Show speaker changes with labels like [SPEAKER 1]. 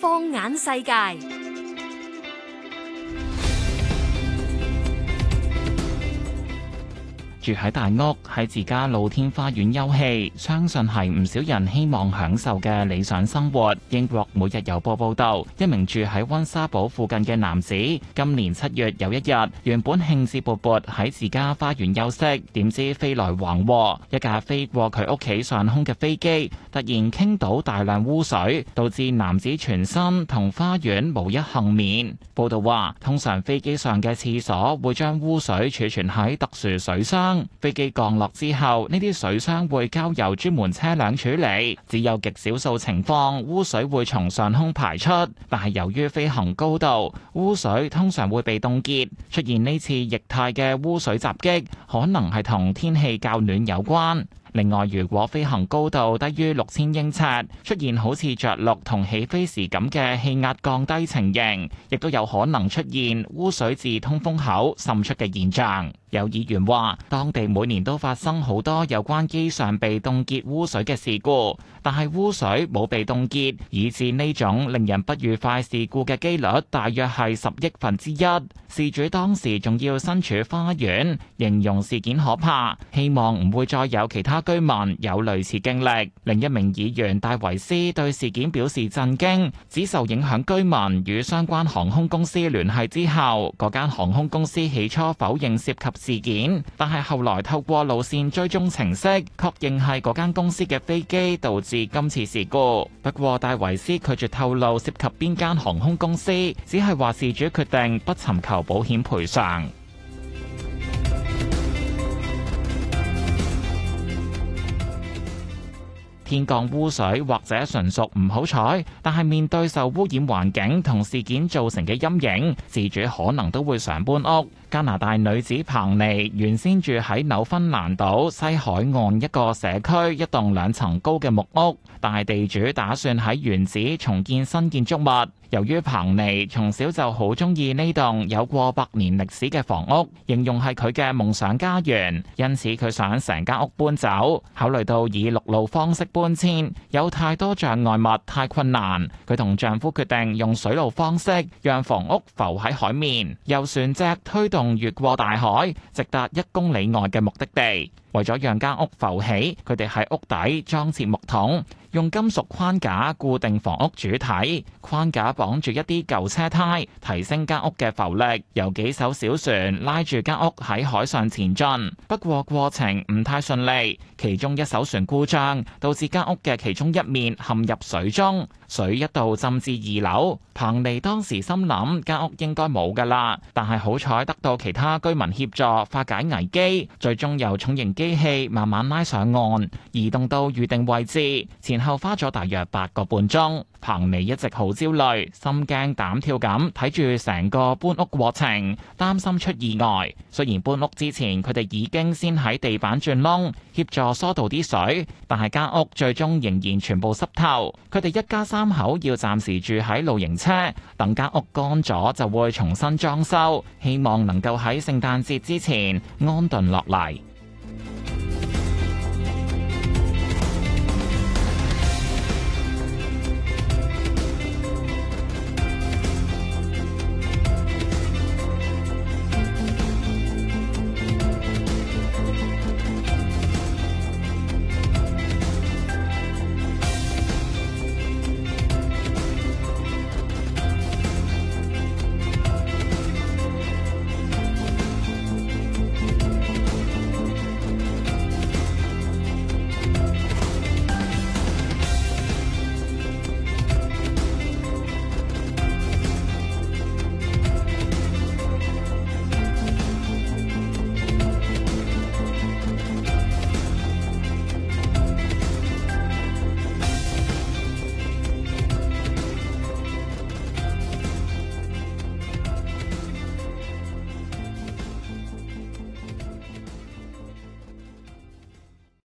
[SPEAKER 1] 放眼世界。住喺大屋，喺自家露天花園休憩，相信係唔少人希望享受嘅理想生活。英國每日郵報報道，一名住喺温莎堡附近嘅男子，今年七月有一日，原本興致勃勃喺自家花園休息，點知飛來橫禍，一架飛過佢屋企上空嘅飛機突然傾倒大量污水，導致男子全身同花園無一倖免。報道話，通常飛機上嘅廁所會將污水儲存喺特殊水箱。飛機降落之後，呢啲水箱會交由專門車輛處理。只有極少數情況，污水會從上空排出，但係由於飛行高度，污水通常會被凍結。出現呢次液態嘅污水襲擊，可能係同天氣較暖有關。另外，如果飛行高度低於六千英尺，出現好似着陸同起飛時咁嘅氣壓降低情形，亦都有可能出現污水自通風口滲出嘅現象。有議員話，當地每年都發生好多有關機上被凍結污水嘅事故，但係污水冇被凍結，以致呢種令人不愉快事故嘅機率大約係十億分之一。事主當時仲要身處花園，形容事件可怕，希望唔會再有其他居民有類似經歷，另一名議員戴維斯對事件表示震驚，只受影響居民與相關航空公司聯繫之後，嗰間航空公司起初否認涉及事件，但係後來透過路綫追蹤程式確認係嗰間公司嘅飛機導致今次事故。不過戴維斯拒絕透露涉及邊間航空公司，只係話事主決定不尋求保險賠償。天降污水，或者純屬唔好彩，但係面對受污染環境同事件造成嘅陰影，事主可能都會常搬屋。加拿大女子彭尼原先住喺紐芬蘭島西海岸一個社區一棟兩層高嘅木屋，大地主打算喺原址重建新建築物。由於彭尼從小就好中意呢棟有過百年歷史嘅房屋，形容係佢嘅夢想家園，因此佢想成間屋搬走。考慮到以陸路方式搬遷有太多障礙物太困難，佢同丈夫決定用水路方式，讓房屋浮喺海面，由船隻推動。從越過大海，直達一公里外嘅目的地。為咗讓間屋浮起，佢哋喺屋底裝設木桶，用金屬框架，固定房屋主體，框架綁住一啲舊車胎，提升間屋嘅浮力。由幾艘小船拉住間屋喺海上前進。不過過程唔太順利，其中一艘船故障，導致間屋嘅其中一面陷入水中，水一度浸至二樓，彭利當時心諗間屋應該冇㗎啦，但係好彩得到其他居民協助化解危機，最終由重型機器慢慢拉上岸，移動到預定位置，前後花咗大約八個半鐘。彭尼一直好焦慮，心驚膽跳咁睇住成個搬屋過程，擔心出意外。雖然搬屋之前，佢哋已經先喺地板鑽窿協助疏導啲水，但係間屋最終仍然全部濕透。佢哋一家三口要暫時住喺露營車，等間屋乾咗就會重新裝修，希望能夠喺聖誕節之前安頓落嚟。